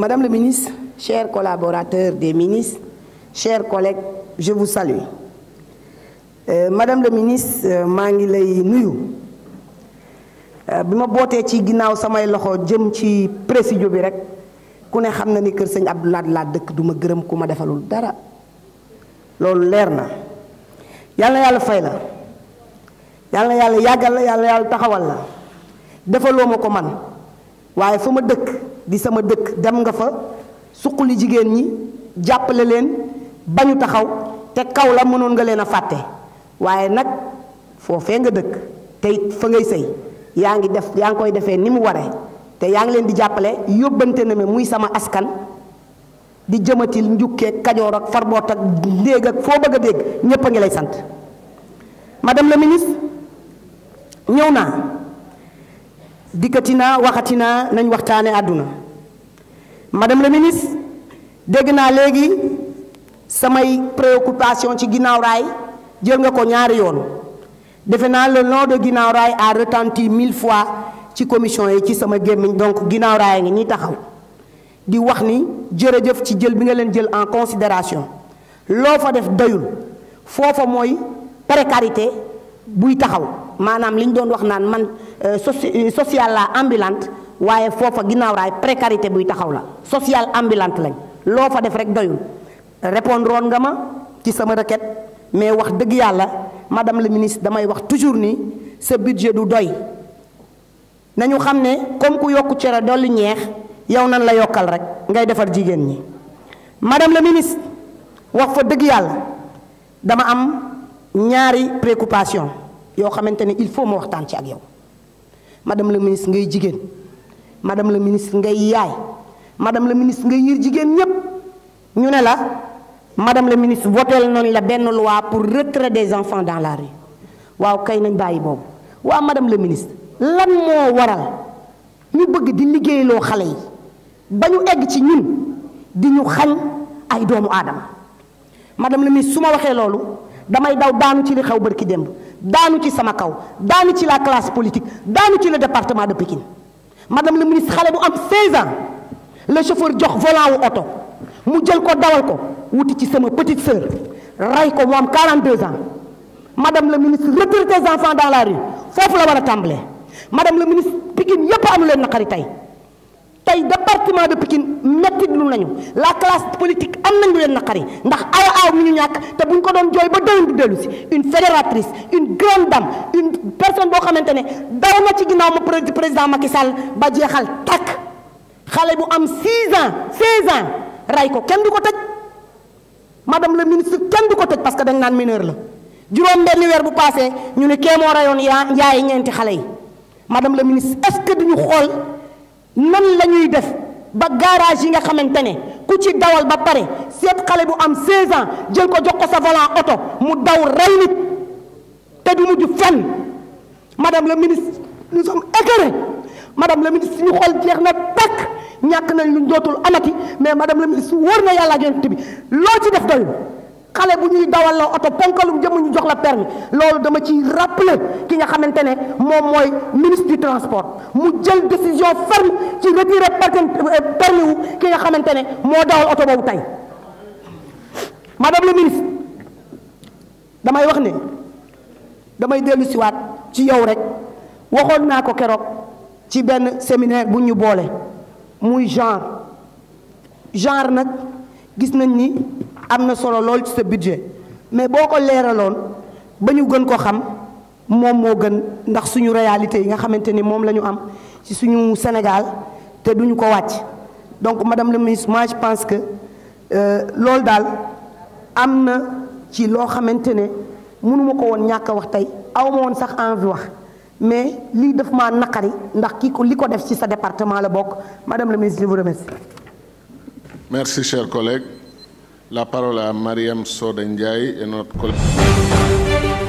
Madame le ministre, chers collaborateurs des ministres, chers collègues, je vous salue. Euh, Madame le ministre euh, maa ngi lay nuyu euh, bi ma bootee ci ginnaaw samay loxo jëm ci Présidio bi rek ku ne xam na ni kër sëñ Abdou laa dëkk du ma gërëm ku ma defalul dara loolu leer na yàlla yàlla fay la yàlla yàlla yàggal la yàlla yàlla taxawal la defaloo ma ko man waaye fa ma dëkk di sama dëkk dem nga fa suqali jigéen ñi jàppale leen bañu taxaw te kaw la mënoon nga leen a fàtte waaye nag foofee nga dëkk te fa ngay sëy yaa ngi def yaa ngi koy defee ni mu waree te yaa ngi leen di jàppale yóbbante na me muy sama askan di jëmatil njukkeeg kajoor ak farboot ak ndéeg ak foo bëgg a dégg ñépp a ngi lay sant madame la ministre ñëw naa dikkati naa waxati naa nañ waxtaane àdduna madame la ministre dégg naa léegi samay préoccupation ci ginnaaw raay jël nga ko ñaari yoon defe naa le nom de ginnaaw raay a retenti mille fois ci commission yi ci sama gémmiñ donc ginnaaw raay ngi ñi taxaw di wax ni jërëjëf ci jël bi nga leen jël en considération loo fa def doyul foofa mooy précarité buy taxaw manam liñ doon wax naan man euh, euh, social la ambulante waye fofa ginaaw raay précarité buy taxaw la social ambulante lañ lo fa def rek doyul répondre woon nga ma ci sama requête mais wax deug yalla madame le ministre damay wax toujours ni ce budget du doy nañu xamné comme ku yokku ra dolli ñeex yow nan la yokal rek ngay defar jigen ñi madame le ministre wax fa deug yalla dama am ñaari préoccupation il faut que madame le ministre ngay madame le ministre ngay madame le ministre ngay une madame le ministre voteel la benn loi pour retrait des enfants dans la rue waaw kay nañ madame le ministre lan mo waral ñu bëgg di liggéeyloo xale yi bañu egg ci ñun di ñu madame le ministre suma waxé lolu damay daw ci li dans ci sama kaw la classe politique dans le département de Pékin madame le ministre xalé bu am 16 ans le chauffeur jox volant il oto mu jël ko dawal ko wuti petite soeur ray ko 42 ans madame le ministre retire tes enfants dans la rue que la wara a madame le ministre pékin yépp amu leen naqari tay le département de Pékin lañu la classe politique am nañ lu leen naqari ndax ay aw mi ñu ñak te buñ ko doon joy ba doon du delusi une fédératrice une grande dame une personne bo xamantene daw na ci ginnaaw ma président Macky Sall ba jéxal tak xalé bu am 6 ans 16 ans ray ko kenn duko tej madame le ministre kenn duko tej parce que dañ naan mineur la juróom benn weer bu passé ñu ne kee moo ya yaa njaay ñeenti xale yi madame le ministre est ce que duñu xol nan lañuy def ba garage yi nga xamante ne ku ci dawal ba pare seet xale bu am 16 ans jël ko jox ko sa volant oto mu daw rey nit te du mujj fenn madame la ministre nous sommes écœurés madame la ministre ñu xool jeex na takk ñàkk nañ lu dootul amati mais madame la ministre wóor na yàlla ak yonent bi loo ci def doyul xale bu ñuy dawal la oto ponkalum jëm ñu jox la permis loolu dama ci rappeler ki nga xamante ne moom mooy ministre du transport mu jël décision ferme ci retirer euh, permis wu ki nga xamante ne moo dawal oto boobu tey madame le damay wax ne damay dellu siwaat ci yow rek waxoon naa ko keroog ci benn séminaire bu ñu boole muy genre genre nag gis nañ ni amna solo lol ci sa budget mais boko ko bañu gën ko xam mom mo gën ndax suñu réalité yi nga xamante mom lañu am ci suñu Sénégal té duñu ko wacc donc madame la ministre moi je pense que euh, lol dal amna ci lo xamante ne mënuma ko woon wax tay aw won sax envie wax mais li daf ma nakari ndax kii ko def ci sa département la bok madame la ministre je vous remercie merci chers collègues la parole à Mariam Sodendiaï et notre collègue.